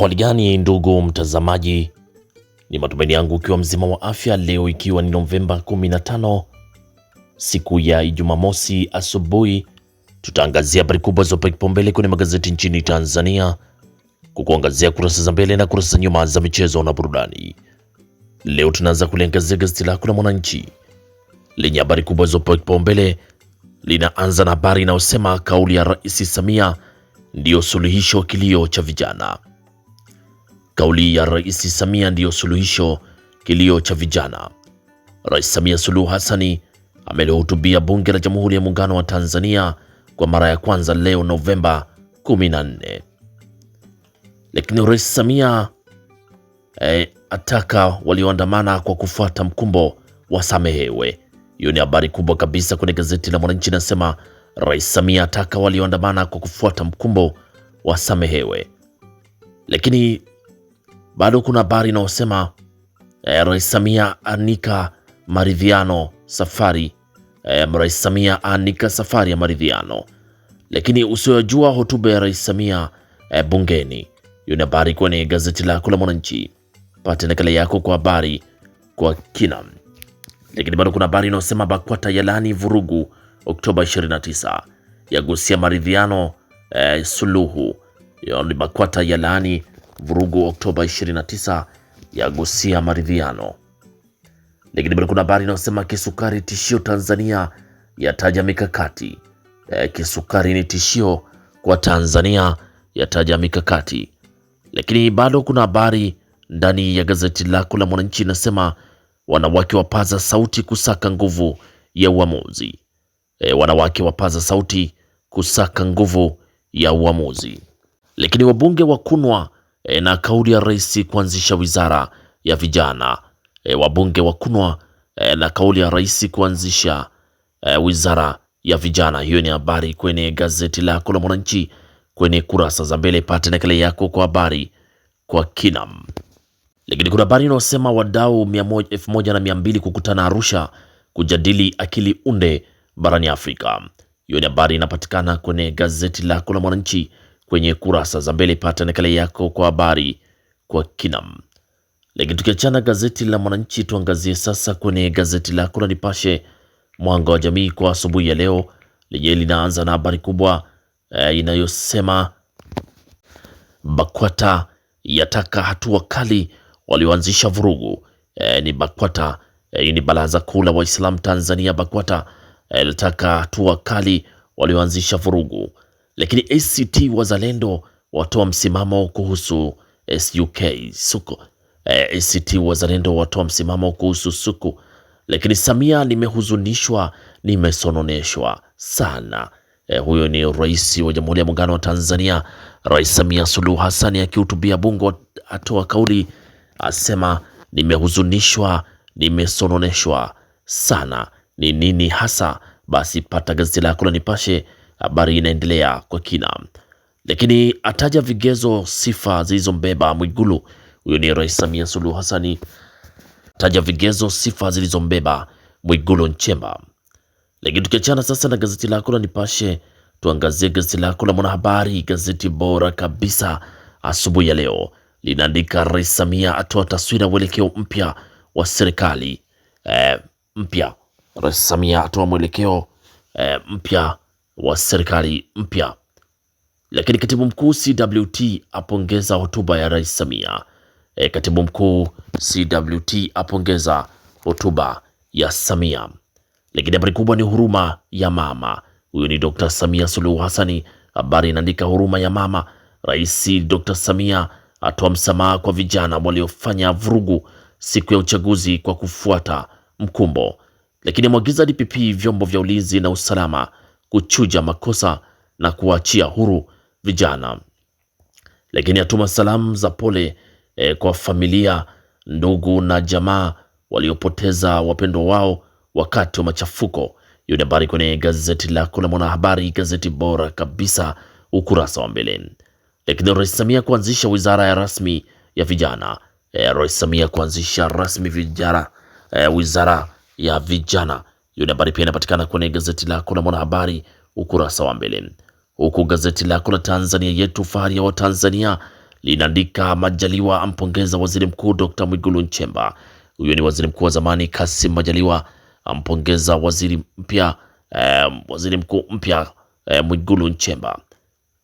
Hali gani ndugu mtazamaji, ni matumaini yangu ukiwa mzima wa afya leo, ikiwa ni Novemba 15 siku ya Ijumaa mosi asubuhi, tutaangazia habari kubwa zopewa kipaumbele kwenye magazeti nchini Tanzania, kukuangazia kurasa za mbele na kurasa za nyuma za michezo na burudani. Leo tunaanza kuliangazia gazeti lako la Mwananchi lenye habari kubwa zopewa kipaumbele, linaanza na habari inayosema kauli ya Rais Samia ndiyo suluhisho kilio cha vijana Kauli ya Rais Samia ndiyo suluhisho kilio cha vijana. Rais Samia Suluhu Hassani amelihutubia Bunge la Jamhuri ya Muungano wa Tanzania kwa mara ya kwanza leo Novemba 14. Lakini Rais Samia eh, ataka walioandamana kwa kufuata mkumbo wasamehewe. Hiyo ni habari kubwa kabisa kwenye gazeti la Mwananchi, nasema Rais Samia ataka walioandamana kwa kufuata mkumbo wasamehewe. Lakini bado kuna habari inayosema eh, Rais Samia anika maridhiano safari eh, Rais Samia anika safari ya maridhiano. Lakini usiyojua hotuba ya Rais Samia eh, bungeni. Hiyo ni habari kwenye gazeti lako la Mwananchi, pate nakala yako kwa habari kwa kina. Lakini bado kuna habari inayosema BAKWATA yalani vurugu Oktoba 29 yagusia maridhiano eh, suluhu. Hiyo ni BAKWATA yalani vurugu Oktoba 29 ya gusia maridhiano. Lakini bado kuna habari inayosema kisukari tishio Tanzania, yataja mikakati. E, kisukari ni tishio kwa Tanzania, yataja mikakati. Lakini bado kuna habari ndani ya gazeti lako la Mwananchi inasema wanawake wapaza sauti kusaka nguvu ya uamuzi. E, wanawake wapaza sauti kusaka nguvu ya uamuzi. Lakini wabunge wakunwa e, na kauli ya rais kuanzisha wizara ya vijana e, wabunge wakunwa e, na kauli ya rais kuanzisha e, wizara ya vijana. Hiyo ni habari kwenye gazeti lako la Mwananchi kwenye kurasa za mbele. Pate nakala yako kwa habari kwa kinam. Lakini kuna habari inayosema wadau elfu moja na mia mbili kukutana Arusha kujadili akili unde barani Afrika. Hiyo ni habari inapatikana kwenye gazeti lako la Mwananchi kwenye kurasa za mbele. Pata nakala yako kwa habari kwa kinam. Lakini tukiachana gazeti la Mwananchi, tuangazie sasa kwenye gazeti lako la Nipashe Mwanga wa Jamii kwa asubuhi ya leo, lenye linaanza na habari kubwa e, inayosema BAKWATA yataka hatua kali walioanzisha vurugu. E, ni BAKWATA e, ni Baraza Kuu la Waislamu Tanzania BAKWATA yataka e, hatua kali walioanzisha vurugu. Lakini ACT Wazalendo watoa msimamo kuhusu SUK suku. E, eh, ACT Wazalendo watoa msimamo kuhusu suku. Lakini Samia, nimehuzunishwa, nimesononeshwa sana. E, huyo ni Rais wa Jamhuri ya Muungano wa Tanzania, Rais Samia Suluhu Hassan akihutubia Bunge atoa kauli asema, nimehuzunishwa, nimesononeshwa sana. Ni nini hasa? Basi pata gazeti lako la Nipashe Habari inaendelea kwa kina, lakini ataja vigezo, sifa zilizombeba Mwigulu. Huyo ni Rais Samia Suluhu Hassan, ataja vigezo, sifa zilizombeba Mwigulu Nchemba. Lakini tukiachana sasa na gazeti lako la Nipashe, tuangazie gazeti lako la Mwanahabari, gazeti bora kabisa asubuhi ya leo linaandika Rais Samia atoa taswira mwelekeo mpya wa serikali e, mpya. Rais Samia atoa mwelekeo e, mpya wa serikali mpya. Lakini katibu mkuu CWT apongeza hotuba ya Rais Samia. E, katibu mkuu CWT apongeza hotuba ya Samia. Lakini habari kubwa ni huruma ya mama. Huyu ni Dr. Samia Suluhu Hassani. Habari inaandika huruma ya mama. Rais Dr. Samia atoa msamaha kwa vijana waliofanya vurugu siku ya uchaguzi kwa kufuata mkumbo. Lakini mwagiza DPP vyombo vya ulinzi na usalama kuchuja makosa na kuachia huru vijana. Lakini atuma salamu za pole e, kwa familia, ndugu na jamaa waliopoteza wapendwa wao wakati wa machafuko. Hiyo ni habari kwenye gazeti lako la Mwanahabari, gazeti bora kabisa, ukurasa wa mbele. Lakini Rais Samia kuanzisha wizara ya rasmi ya vijana. E, Rais Samia kuanzisha rasmi vijana, e, eh, wizara ya vijana hiyo habari pia inapatikana kwenye gazeti lako la Mwanahabari ukurasa wa mbele, huku gazeti lako la Tanzania Yetu, fahari ya Watanzania, linaandika Majaliwa ampongeza waziri mkuu Dr. Mwigulu Nchemba. Huyo ni waziri mkuu wa zamani Kasim Majaliwa ampongeza waziri mpya eh, waziri mkuu mpya eh, Mwigulu Nchemba.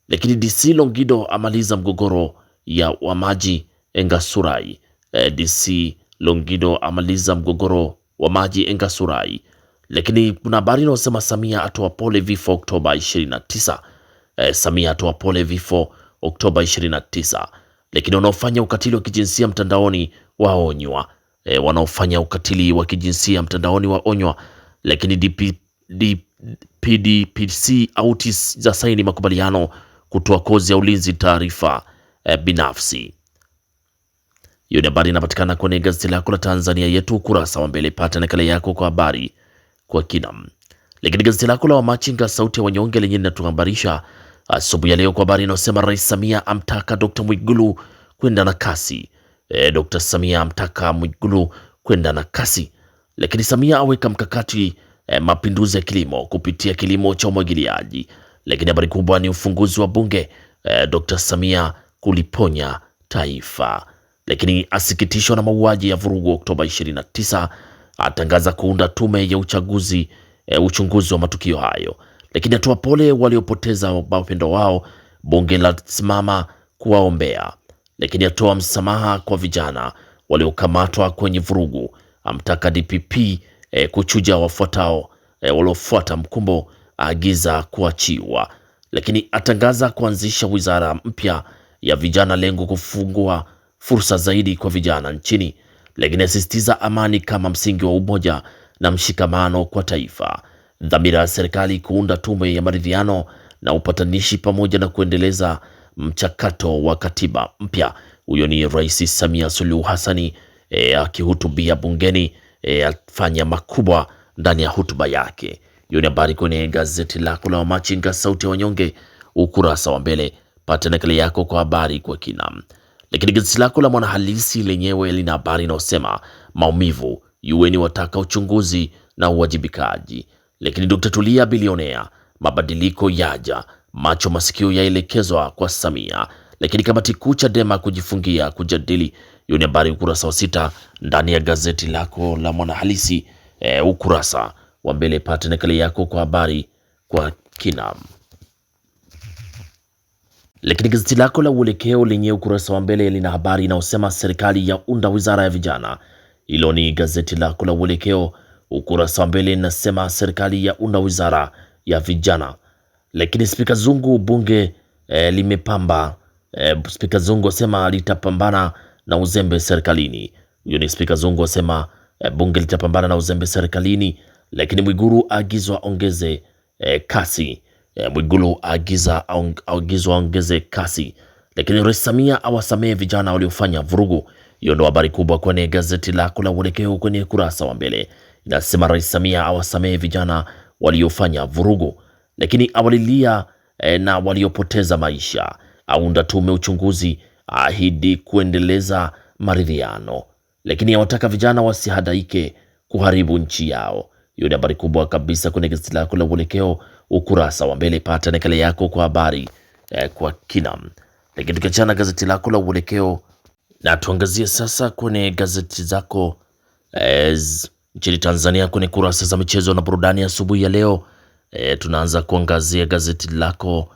Lakini DC Longido amaliza mgogoro ya wa maji Engasurai. Eh, DC Longido amaliza mgogoro wa maji Engasurai. Lakini kuna habari inayosema Samia atoa pole vifo Oktoba 29. Eh, Samia atoa pole vifo Oktoba 29. Lakini wanaofanya ukatili wa kijinsia mtandaoni waonywa. E, wanaofanya ukatili wa kijinsia mtandaoni waonywa. Lakini DP, DP, PDPC autis za saini makubaliano kutoa kozi ya ulinzi taarifa e, binafsi. Hiyo ni habari inapatikana kwenye gazeti lako la Tanzania Yetu ukurasa wa mbele. Pata nakala yako kwa habari kwa kina. Lakini gazeti lako la Wamachinga sauti ya wanyonge lenye linatuhabarisha asubuhi ya leo kwa habari inayosema Rais Samia amtaka Dr. Mwigulu kwenda na kasi. E, Dr. Samia amtaka Mwigulu kwenda na kasi. Lakini Samia aweka mkakati e, mapinduzi ya kilimo kupitia kilimo cha umwagiliaji. Lakini habari kubwa ni ufunguzi wa bunge e, Dr. Samia kuliponya taifa. Lakini asikitishwa na mauaji ya vurugu Oktoba 29 atangaza kuunda tume ya uchaguzi e, uchunguzi wa matukio hayo, lakini atoa pole waliopoteza wapendo wao. Bunge lasimama kuwaombea, lakini atoa msamaha kwa vijana waliokamatwa kwenye vurugu. Amtaka DPP e, kuchuja wafuatao e, waliofuata mkumbo, aagiza kuachiwa, lakini atangaza kuanzisha wizara mpya ya vijana, lengo kufungua fursa zaidi kwa vijana nchini lakini asisitiza amani kama msingi wa umoja na mshikamano kwa taifa, dhamira ya serikali kuunda tume ya maridhiano na upatanishi pamoja na kuendeleza mchakato wa katiba mpya. Huyo ni Rais Samia Suluhu Hassani e, akihutubia bungeni e, afanya makubwa ndani ya hutuba yake. Hiyo ni habari kwenye gazeti lako la Wamachinga, sauti ya wanyonge, ukurasa wa mbele. Pata nakala yako kwa habari kwa kina. Lakini gazeti lako la Mwanahalisi lenyewe lina habari inayosema maumivu, UN wataka uchunguzi na uwajibikaji. Lakini Dkt. Tulia bilionea, mabadiliko yaja, macho masikio yaelekezwa kwa Samia. Lakini kamati kuu Chadema kujifungia kujadili. Hiyo ni habari ukurasa wa sita ndani ya gazeti lako la Mwanahalisi, e, ukurasa wa mbele. Pate nakala yako kwa habari kwa kinam lakini gazeti lako la Uelekeo lenye ukurasa wa mbele lina habari inayosema serikali ya unda wizara ya vijana. Hilo ni gazeti lako la Uelekeo, ukurasa wa mbele linasema serikali unda wizara ya vijana. Lakini Spika Zungu bunge e, limepamba e, Spika Zungu asema litapambana na uzembe serikalini. Huyo ni Spika Zungu asema e, bunge litapambana na uzembe serikalini. Lakini Mwiguru agizwa ongeze e, kasi Eh, Mwigulu agiza aagizwa aongeze kasi, lakini Rais Samia awasamehe vijana waliofanya vurugu. Hiyo ndo habari kubwa kwenye gazeti lako la Uelekeo kwenye kurasa wa mbele, inasema Rais Samia awasamehe vijana waliofanya vurugu, lakini awalilia e, na waliopoteza maisha, aunda tume uchunguzi, ahidi kuendeleza maridhiano, lakini awataka vijana wasihadaike kuharibu nchi yao. Hiyo ni habari kubwa kabisa kwenye gazeti lako la Uelekeo ukurasa wa mbele, pata nakala yako kwa habari eh, kwa kina. Lakini tukiachana gazeti lako la Uelekeo na tuangazie sasa kwenye gazeti zako eh, nchini Tanzania kwenye kurasa za michezo na burudani asubuhi ya, ya leo e, tunaanza kuangazia gazeti lako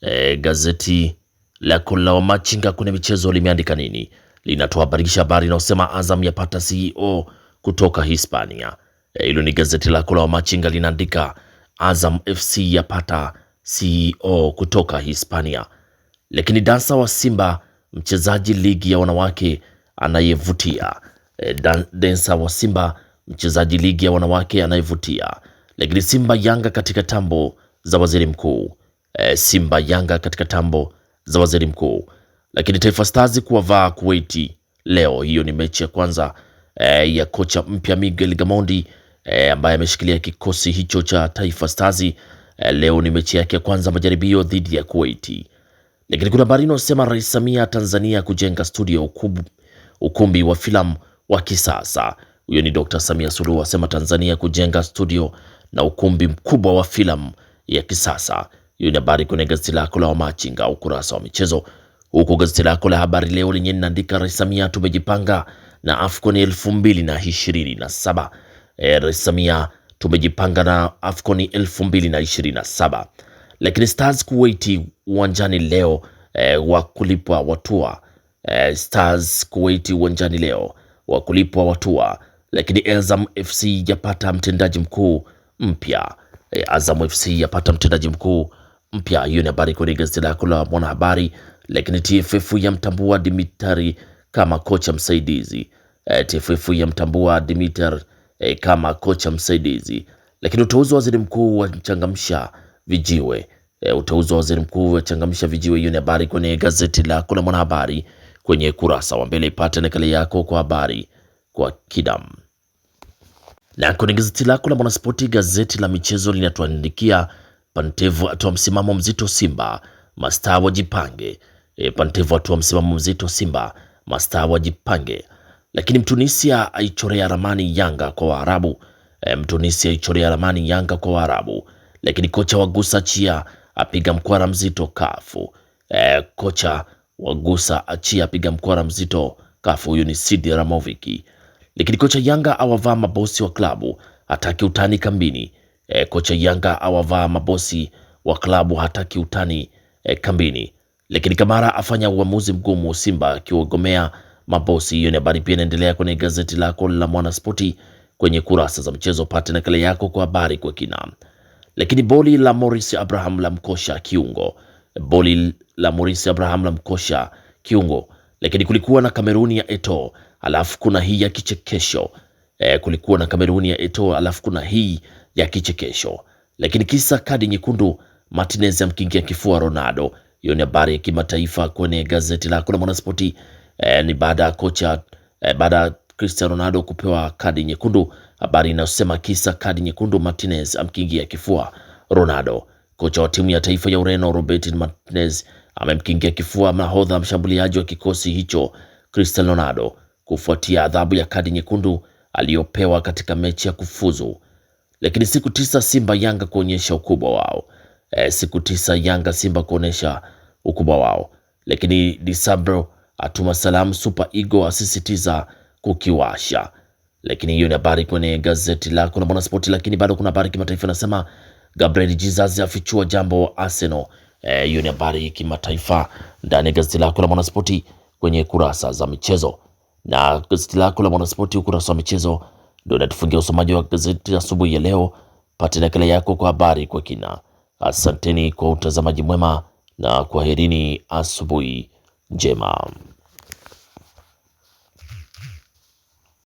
e, gazeti lako la Wamachinga kwenye michezo limeandika nini? Linatuhabarisha habari inayosema Azam yapata CEO kutoka Hispania. Eh, hilo ni gazeti lako la Wamachinga linaandika Azam FC yapata CEO kutoka Hispania, lakini dansa wa Simba mchezaji ligi ya wanawake anayevutia. E, dansa wa Simba mchezaji ligi ya wanawake anayevutia. Lakini Simba Yanga katika tambo za waziri mkuu. E, Simba Yanga katika tambo za waziri mkuu. Lakini Taifa Stars kuwavaa Kuwaiti leo, hiyo ni mechi ya kwanza e, ya kocha mpya Miguel Gamondi e, ambaye ameshikilia kikosi hicho cha Taifa Stars. E, leo ni mechi yake ya kwanza majaribio dhidi ya Kuwait. Lakini kuna habari inayosema Rais Samia Tanzania kujenga studio ukubu, ukumbi wa filamu wa kisasa. Huyo ni Dr. Samia Suluhu asema Tanzania kujenga studio na ukumbi mkubwa wa filamu ya kisasa. Hiyo ni habari kwenye gazeti lako la Wamachinga ukurasa wa michezo, Huko gazeti lako la Habari Leo lenye linaandika Rais Samia tumejipanga na AFCON 2027 eh, Rais Samia, tumejipanga na AFCON 2027 lakini Stars Kuwait uwanjani leo eh, wa kulipwa watua eh, Stars Kuwait uwanjani leo wa kulipwa watua, lakini Azam FC yapata mtendaji mkuu mpya eh, Azam FC yapata mtendaji mkuu mpya. Hiyo ni habari kwenye gazeti lako la Mwanahabari. Lakini TFF yamtambua Dimitri kama kocha msaidizi eh, TFF yamtambua Dimitri e, kama kocha msaidizi. Lakini uteuzi wa waziri mkuu wa changamsha vijiwe e, uteuzi wa waziri mkuu wa changamsha vijiwe. Hiyo ni habari kwenye gazeti lako la Mwanahabari kwenye kurasa wa mbele, ipate nakala yako kwa habari kwa kidam. Na kwenye gazeti lako la Mwanaspoti, gazeti la michezo linatuandikia Pantevu atoa msimamo mzito Simba mastaa wajipange. E, Pantevu atoa msimamo mzito Simba mastaa wajipange. Lakini Mtunisia aichorea ramani Yanga kwa Waarabu. E, Mtunisia aichorea ramani Yanga kwa Waarabu. Lakini kocha wagusa chia apiga mkwara mzito kafu. E, kocha wagusa achia apiga mkwara mzito kafu. Huyu ni Sidi Ramoviki. Lakini kocha Yanga awavaa mabosi wa klabu hataki utani kambini. E, kocha Yanga awavaa mabosi wa klabu hataki utani e, kambini. Lakini Kamara afanya uamuzi mgumu Simba akiwagomea mabosi. Hiyo ni habari pia inaendelea kwenye gazeti lako la Mwanaspoti kwenye kurasa za mchezo, pate nakala yako kwa habari kwa kina. Lakini boli la Morris Abraham la mkosha kiungo, boli la Morris Abraham la mkosha kiungo. Lakini kulikuwa na Kameruni ya Eto, alafu kuna hii ya kichekesho e, kulikuwa na Kameruni ya Eto, alafu kuna hii ya kichekesho. Lakini kisa kadi nyekundu, Martinez amkingia kifua Ronaldo. Hiyo ni habari ya kimataifa kwenye gazeti lako la Mwanaspoti e, ni baada ya kocha e, baada ya Cristiano Ronaldo kupewa kadi nyekundu, habari inayosema kisa kadi nyekundu Martinez amkingia kifua Ronaldo. Kocha wa timu ya taifa ya Ureno Robert Martinez amemkingia kifua mahodha mshambuliaji wa kikosi hicho Cristiano Ronaldo kufuatia adhabu ya kadi nyekundu aliyopewa katika mechi ya kufuzu. Lakini siku tisa Simba Yanga kuonyesha ukubwa wao. E, siku tisa Yanga Simba kuonyesha ukubwa wao. Lakini Desemba atuma salamu Super Eagle asisitiza kukiwasha. Lakini hiyo ni habari kwenye gazeti lako la Mwanaspoti, lakini bado kuna habari kimataifa inasema Gabriel Jesus afichua jambo Arsenal. Eh, hiyo e, ni habari kimataifa ndani ya gazeti lako la Mwanaspoti kwenye kurasa za michezo, na gazeti lako la Mwanaspoti ukurasa wa michezo ndio natufungia usomaji wa gazeti asubuhi ya leo. Pate nakala yako kwa habari kwa kina. Asanteni kwa utazamaji mwema na kwaherini asubuhi njema.